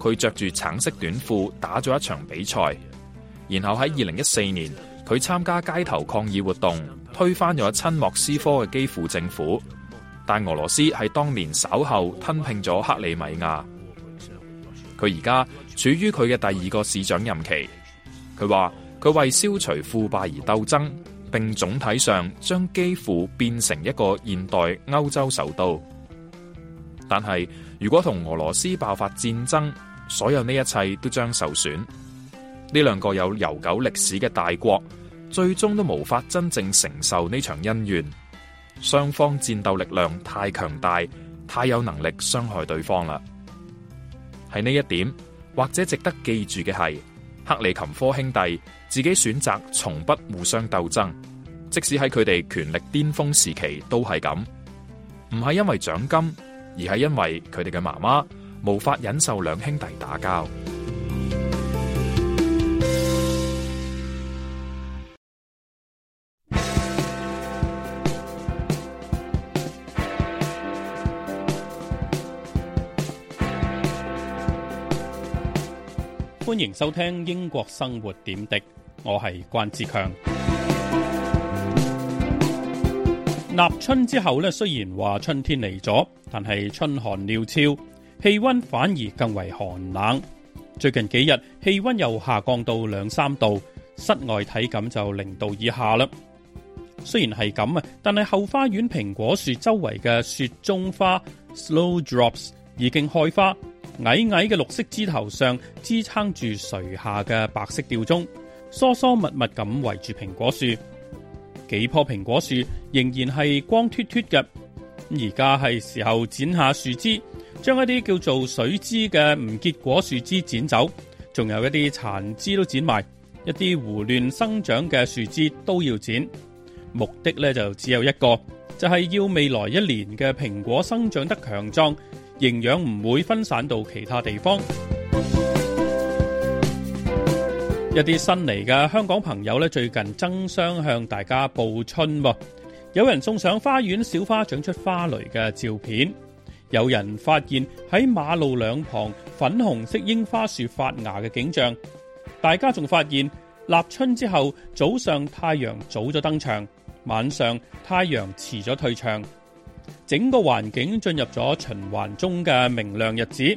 E: 佢着住橙色短褲打咗一場比賽，然後喺二零一四年佢參加街頭抗議活動，推翻咗親莫斯科嘅基輔政府。但俄羅斯喺當年稍後吞併咗克里米亞。佢而家處於佢嘅第二個市長任期。佢話佢為消除腐敗而鬥爭，並總體上將基輔變成一個現代歐洲首都。但係如果同俄羅斯爆發戰爭，所有呢一切都將受損，呢兩個有悠久歷史嘅大國，最終都無法真正承受呢場恩怨。雙方戰鬥力量太強大，太有能力傷害對方啦。喺呢一點，或者值得記住嘅係，克里琴科兄弟自己選擇從不互相鬥爭，即使喺佢哋權力巔峰時期都係咁。唔係因為獎金，而係因為佢哋嘅媽媽。無法忍受兩兄弟打交。
A: 歡迎收聽《英國生活點滴》，我係關之強。立春之後咧，雖然話春天嚟咗，但係春寒料峭。氣溫反而更為寒冷。最近幾日氣溫又下降到兩三度，室外體感就零度以下啦。雖然係咁啊，但係後花園蘋果樹周圍嘅雪中花 （snowdrops） 已經開花，矮矮嘅綠色枝頭上支撐住垂下嘅白色吊鐘，疏疏密密咁圍住蘋果樹。幾棵蘋果樹仍然係光脫脫嘅，而家係時候剪下樹枝。將一啲叫做水枝嘅唔結果樹枝剪走，仲有一啲殘枝都剪埋，一啲胡亂生長嘅樹枝都要剪。目的呢就只有一個，就係要未來一年嘅蘋果生長得強壯，營養唔會分散到其他地方。 一啲新嚟嘅香港朋友呢，最近爭相向大家報春，有人送上花園小花長出花蕾嘅照片。有人發現喺馬路兩旁粉紅色櫻花樹發芽嘅景象，大家仲發現立春之後早上太陽早咗登場，晚上太陽遲咗退場，整個環境進入咗循環中嘅明亮日子，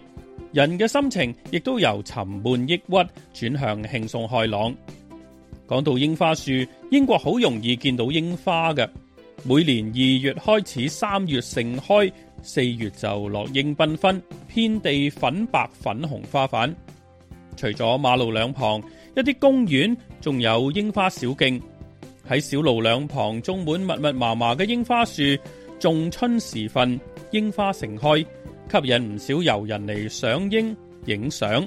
A: 人嘅心情亦都由沉悶抑鬱轉向輕鬆開朗。講到櫻花樹，英國好容易見到櫻花㗎，每年二月開始，三月盛開。四月就落英繽紛，遍地粉白粉紅花瓣。除咗馬路兩旁，一啲公園仲有櫻花小徑，喺小路兩旁種滿密密麻麻嘅櫻花樹。仲春時分，櫻花盛開，吸引唔少遊人嚟賞櫻影相。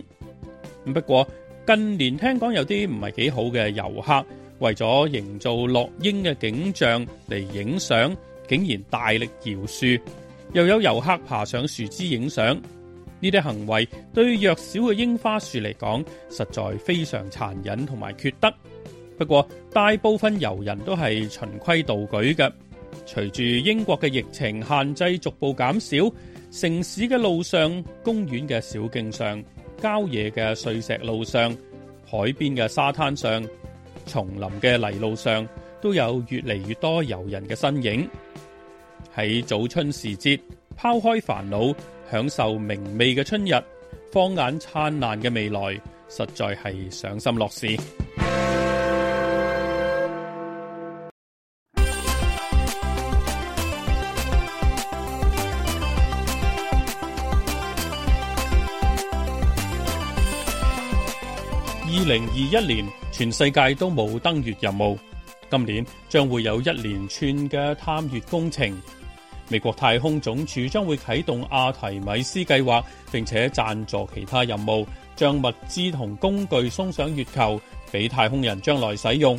A: 咁不過近年聽講有啲唔係幾好嘅遊客為咗營造落英嘅景象嚟影相，竟然大力搖樹。又有遊客爬上樹枝影相，呢啲行為對弱小嘅櫻花樹嚟講，實在非常殘忍同埋缺德。不過，大部分遊人都係循規蹈矩嘅。隨住英國嘅疫情限制逐步減少，城市嘅路上、公園嘅小徑上、郊野嘅碎石路上、海邊嘅沙灘上、松林嘅泥路上，都有越嚟越多遊人嘅身影。喺早春時節，拋開煩惱，享受明媚嘅春日，放眼燦爛嘅未來，實在係賞心樂事。二零二一年，全世界都冇登月任務，今年將會有一連串嘅探月工程。美國太空總署將會啟動阿提米斯計劃，並且贊助其他任務，將物資同工具送上月球，俾太空人將來使用。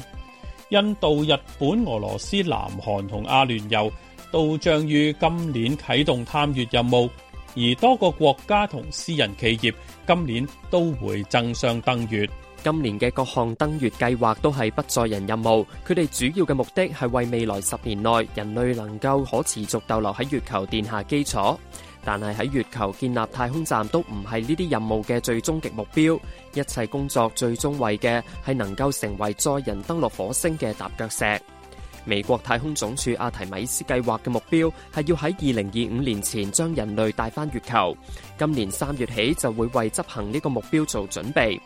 A: 印度、日本、俄羅斯、南韓同阿聯酋都將於今年啟動探月任務，而多個國家同私人企業今年都會爭相登
D: 月。今年嘅各項登月計劃都係不載人任務，佢哋主要嘅目的係為未來十年內人類能夠可持續逗留喺月球奠下基礎。但係喺月球建立太空站都唔係呢啲任務嘅最終極目標。一切工作最終為嘅係能夠成為載人登陸火星嘅踏腳石。美國太空總署阿提米斯計劃嘅目標係要喺二零二五年前將人類帶返月球。今年三月起就會為執行呢個目標做準備。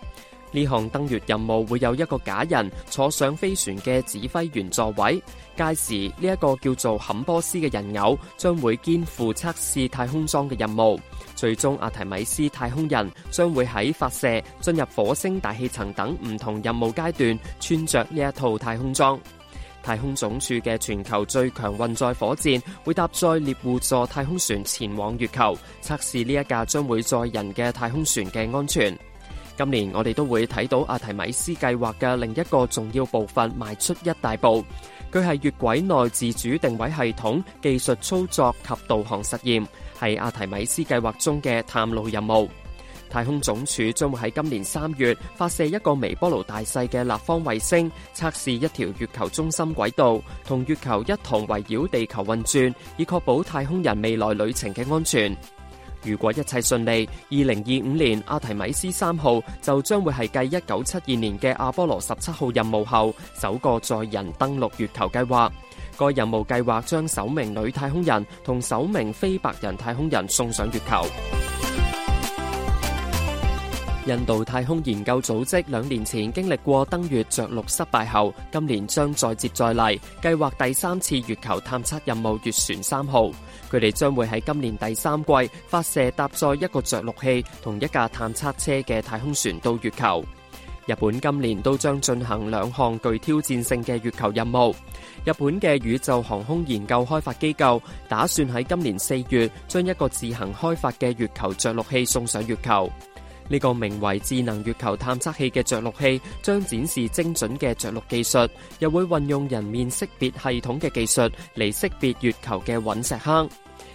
D: 呢項登月任務會有一個假人坐上飛船嘅指揮員座位，屆時呢一個叫做坎波斯嘅人偶將會肩負測試太空裝嘅任務。最終阿提米斯太空人將會喺發射、進入火星大氣層等唔同任務階段穿着呢一套太空裝。太空總署嘅全球最強運載火箭會搭載獵戶座太空船前往月球，測試呢一架將會載人嘅太空船嘅安全。今年我哋都會睇到阿提米斯計劃嘅另一個重要部分，邁出一大步，佢係月軌內自主定位系統、技術操作及導航實驗，係阿提米斯計劃中嘅探路任務。太空總署將會喺今年三月發射一個微波爐大細嘅立方衛星，測試一條月球中心軌道，同月球一同圍繞地球運轉，以確保太空人未來旅程嘅安全。如果一切順利，二零二五年阿提米斯三號就將會係繼一九七二年嘅阿波羅十七號任務後首個載人登陸月球計劃。該任務計劃將首名女太空人同首名非白人太空人送上月球。印度太空研究組織兩年前經歷過登月着陸失敗後，今年將再接再厲，計劃第三次月球探測任務月船三號。佢哋將會喺今年第三季發射搭載一個着陸器同一架探測車嘅太空船到月球。日本今年都將進行兩項具挑戰性嘅月球任務。日本嘅宇宙航空研究開發機構打算喺今年四月將一個自行開發嘅月球着陸器送上月球。呢個名為智能月球探測器嘅着陸器將展示精準嘅着陸技術，又會運用人面識別系統嘅技術嚟識別月球嘅隕石坑。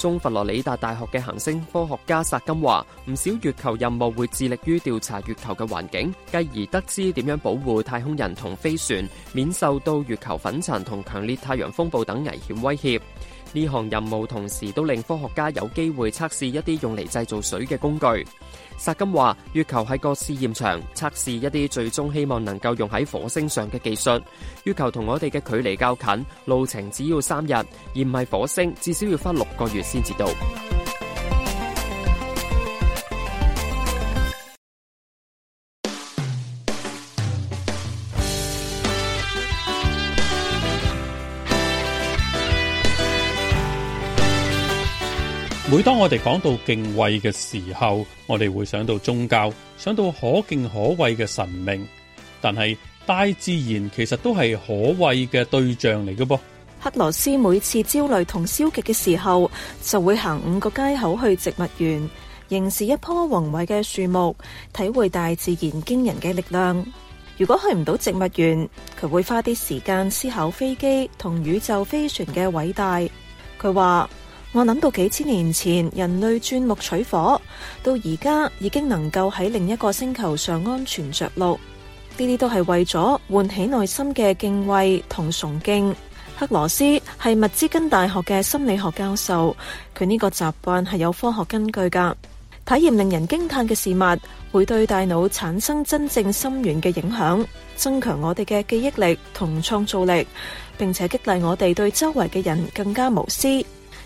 D: 中佛羅里達大學嘅行星科學家薩金話：唔少月球任務會致力於調查月球嘅環境，繼而得知點樣保護太空人同飛船，免受到月球粉塵同強烈太陽風暴等危險威脅。呢項任務同時都令科學家有機會測試一啲用嚟製造水嘅工具。薩金話：月球係個試驗場，測試一啲最終希望能夠用喺火星上嘅技術。月球同我哋嘅距離較近，路程只要三日，而唔係火星至少要花六個月先至到。
A: 每當我哋講到敬畏嘅時候，我哋會想到宗教，想到可敬可畏嘅神明，但係大自然其實都係可畏嘅對象嚟嘅噃。
C: 克羅斯每次焦慮同消極嘅時候，就會行五個街口去植物園，凝視一棵宏偉嘅樹木，體會大自然驚人嘅力量。如果去唔到植物園，佢會花啲時間思考飛機同宇宙飛船嘅偉大。佢話：我諗到幾千年前人類鑽木取火，到而家已經能夠喺另一個星球上安全着陸，呢啲都係為咗喚起內心嘅敬畏同崇敬。克羅斯係密芝根大學嘅心理學教授，佢呢個習慣係有科學根據㗎。體驗令人驚嘆嘅事物，會對大腦產生真正深遠嘅影響，增強我哋嘅記憶力同創造力，並且激勵我哋對周圍嘅人更加無私。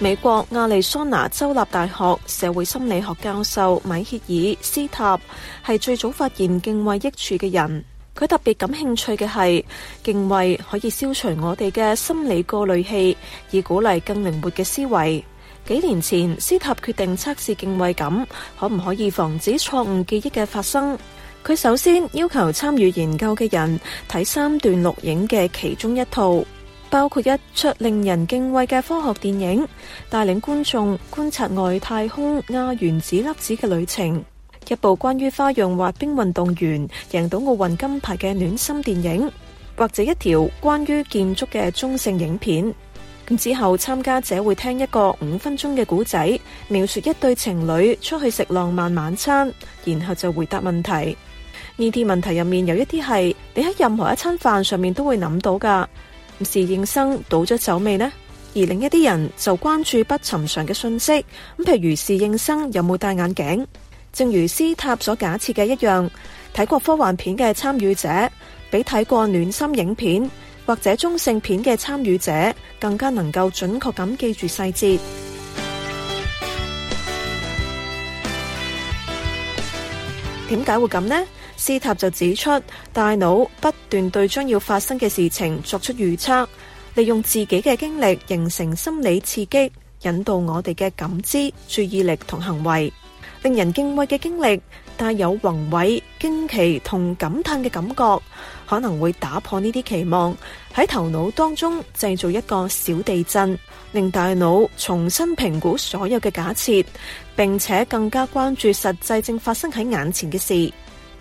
C: 美國亞利桑拿州立大學社會心理學教授米歇爾斯塔係最早發現敬畏益處嘅人。佢特別感興趣嘅係敬畏可以消除我哋嘅心理過濾器，以鼓勵更靈活嘅思維。幾年前，斯塔決定測試敬畏感，可唔可以防止錯誤記憶嘅發生。佢首先要求參與研究嘅人睇三段錄影嘅其中一套。包括一出令人敬畏嘅科學電影，帶領觀眾觀察外太空亞原子粒子嘅旅程；一部關於花樣滑冰運動員贏到奧運金牌嘅暖心電影，或者一條關於建築嘅中性影片。咁之後，參加者會聽一個五分鐘嘅故仔，描述一對情侶出去食浪漫晚餐，然後就回答問題。呢啲問題入面有一啲係你喺任何一餐飯上面都會諗到噶。侍應生倒咗酒味呢？而另一啲人就關注不尋常嘅信息。咁譬如，侍應生有冇戴眼鏡？正如斯塔所假設嘅一樣，睇過科幻片嘅參與者，比睇過暖心影片或者中性片嘅參與者，更加能夠準確咁記住細節。點解會咁呢？斯塔就指出，大腦不斷對將要發生嘅事情作出預測，利用自己嘅經歷形成心理刺激，引導我哋嘅感知、注意力同行為。令人敬畏嘅經歷帶有宏偉、驚奇同感嘆嘅感覺，可能會打破呢啲期望，喺頭腦當中製造一個小地震，令大腦重新評估所有嘅假設，並且更加關注實際正發生喺眼前嘅事。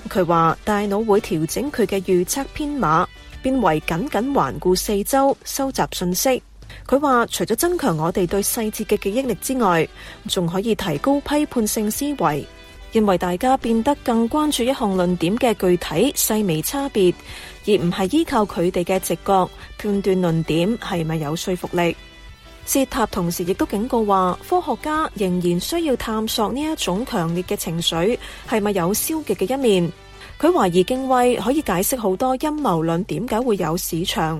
C: 佢話大腦會調整佢嘅預測編碼，變為僅僅環顧四周收集信息。佢話除咗增強我哋對細節嘅記憶力之外，仲可以提高批判性思維，因為大家變得更關注一項論點嘅具體細微差別，而唔係依靠佢哋嘅直覺判斷論點係咪有說服力。斯塔同時亦都警告話，科學家仍然需要探索呢一種強烈嘅情緒，係咪有消極嘅一面。佢懷疑敬畏可以解釋好多陰謀論點解會有市場，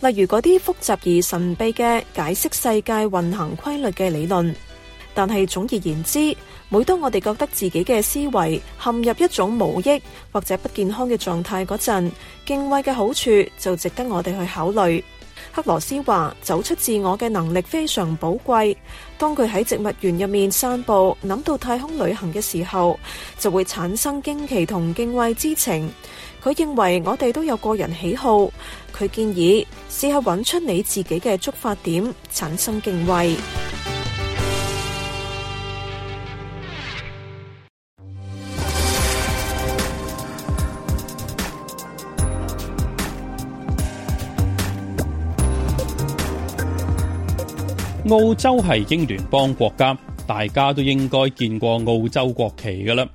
C: 例如嗰啲複雜而神秘嘅解釋世界運行規律嘅理論。但係總而言之，每當我哋覺得自己嘅思維陷入一種無益或者不健康嘅狀態嗰陣，敬畏嘅好處就值得我哋去考慮。克羅斯話：走出自我嘅能力非常寶貴。當佢喺植物園入面散步，諗到太空旅行嘅時候，就會產生驚奇同敬畏之情。佢認為我哋都有個人喜好。佢建議試下揾出你自己嘅觸發點，產生敬畏。
A: 澳洲係英聯邦國家，大家都應該見過澳洲國旗噶啦。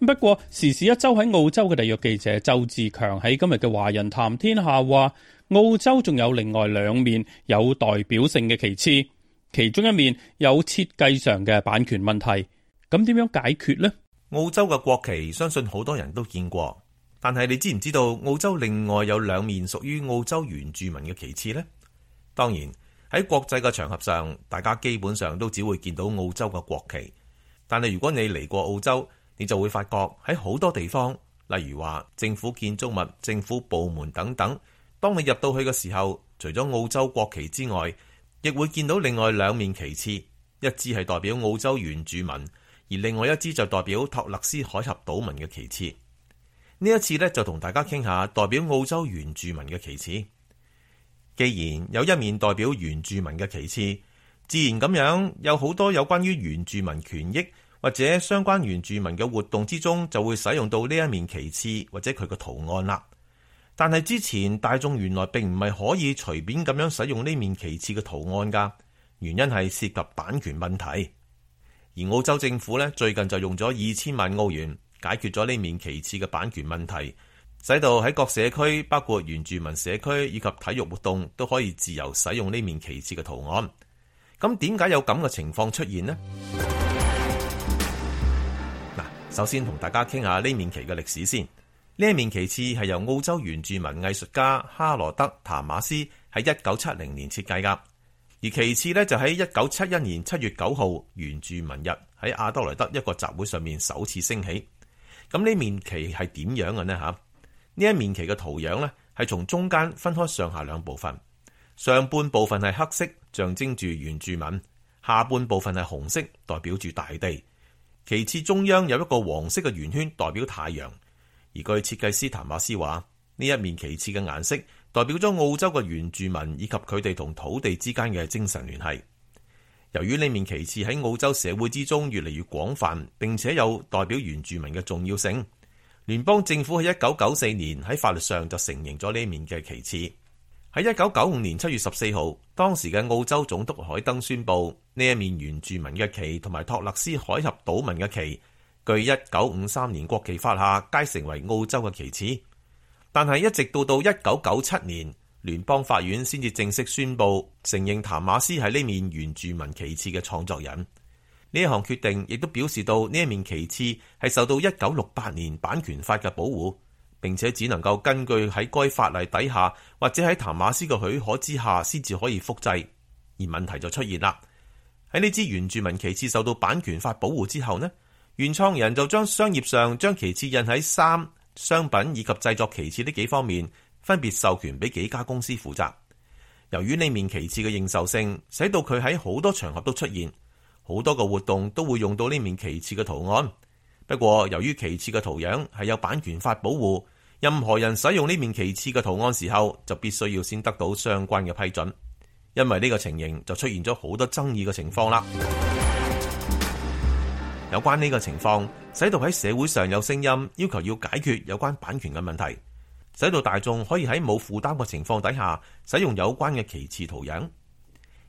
A: 不過時事一周喺澳洲嘅特約記者周志強喺今日嘅《華人談天下》話，澳洲仲有另外兩面有代表性嘅旗幟，其中一面有設計上嘅版
F: 權問題，咁點樣解決呢？澳洲嘅國旗相信好多人都見過，但係你知唔知道澳洲另外有兩面屬於澳洲原住民嘅旗幟呢？當然。喺國際嘅場合上，大家基本上都只會見到澳洲嘅國旗。但係如果你嚟過澳洲，你就會發覺喺好多地方，例如話政府建築物、政府部門等等，當你入到去嘅時候，除咗澳洲國旗之外，亦會見到另外兩面旗幟，一支係代表澳洲原住民，而另外一支就代表托勒斯海峽島民嘅旗幟。呢一次呢，就同大家傾下代表澳洲原住民嘅旗幟。既然有一面代表原住民嘅旗幟，自然咁樣，有好多有關於原住民權益或者相關原住民嘅活動之中，就會使用到呢一面旗幟或者佢個圖案啦。但係之前大眾原來並唔係可以隨便咁樣使用呢面旗幟嘅圖案噶，原因係涉及版權問題。而澳洲政府咧最近就用咗二千萬澳元解決咗呢面旗幟嘅版權問題。使到喺各社區，包括原住民社區以及體育活動，都可以自由使用呢面旗幟嘅圖案。咁點解有咁嘅情況出現呢？首先同大家傾下呢面旗嘅歷史先。呢面旗幟係由澳洲原住民藝術家哈羅德·譚馬斯喺一九七零年設計㗎，而其次呢就喺一九七一年七月九號原住民日喺阿多萊德一個集會上面首次升起。咁呢面旗係點樣嘅呢？吓。呢一面旗嘅圖樣呢，係從中間分開上下兩部分，上半部分係黑色，象徵住原住民；下半部分係紅色，代表住大地。其次，中央有一個黃色嘅圓圈，代表太陽。而據設計師湯馬斯話，呢一面旗幟嘅顏色代表咗澳洲嘅原住民以及佢哋同土地之間嘅精神聯繫。由於呢面旗幟喺澳洲社會之中越嚟越廣泛，並且有代表原住民嘅重要性。聯邦政府喺一九九四年喺法律上就承認咗呢面嘅旗幟。喺一九九五年七月十四號，當時嘅澳洲總督海登宣布呢一面原住民嘅旗同埋托勒斯海峽島民嘅旗，據一九五三年國旗法下皆成為澳洲嘅旗幟。但係一直到到一九九七年，聯邦法院先至正式宣布承認譚馬斯係呢面原住民旗幟嘅創作人。呢一項決定亦都表示到呢一面旗幟係受到一九六八年版權法嘅保護，並且只能夠根據喺該法例底下或者喺談馬斯嘅許可之下先至可以複製。而問題就出現啦，喺呢支原住民旗幟受到版權法保護之後呢，原創人就將商業上將旗幟印喺衫、商品以及製作旗幟呢幾方面分別授權俾幾家公司負責。由於呢面旗幟嘅認受性，使到佢喺好多場合都出現。好多個活動都會用到呢面旗幟嘅圖案，不過由於旗幟嘅圖樣係有版權法保護，任何人使用呢面旗幟嘅圖案時候，就必須要先得到相關嘅批准，因為呢個情形就出現咗好多爭議嘅情況啦。有關呢個情況，使到喺社會上有聲音要求要解決有關版權嘅問題，使到大眾可以喺冇負擔嘅情況底下使用有關嘅旗幟圖樣。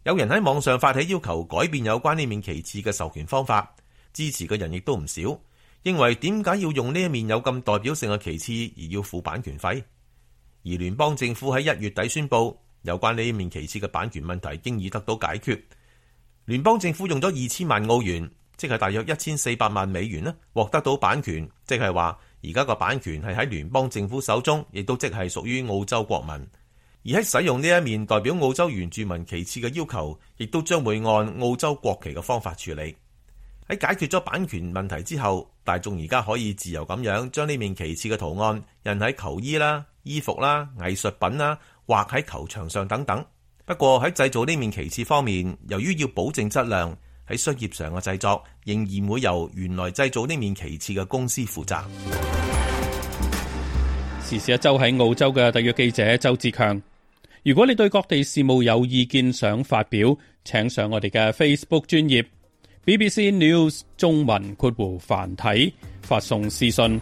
F: 有人喺網上發起要求改變有關呢面旗幟嘅授權方法，支持嘅人亦都唔少，認為點解要用呢一面有咁代表性嘅旗幟而要付版權費？而聯邦政府喺一月底宣布，有關呢面旗幟嘅版權問題經已得到解決。聯邦政府用咗二千萬澳元，即係大約一千四百萬美元啦，獲得到版權，即係話而家個版權係喺聯邦政府手中，亦都即係屬於澳洲國民。而喺使用呢一面代表澳洲原住民旗幟嘅要求，亦都將會按澳洲國旗嘅方法處理。喺解決咗版權問題之後，大眾而家可以自由咁樣將呢面旗幟嘅圖案印喺球衣啦、衣服啦、藝術品啦、畫喺球場上等等。不過喺製造呢面旗幟方面，由於要保證質量，喺商業上嘅製作仍然會由原來製造呢面旗幟嘅公司負責。時事一周喺澳洲嘅特約記者周志強。如果你對各地事務
A: 有意見想發表，請上我哋嘅 Facebook 專頁 BBC News 中文括弧繁體發送私信。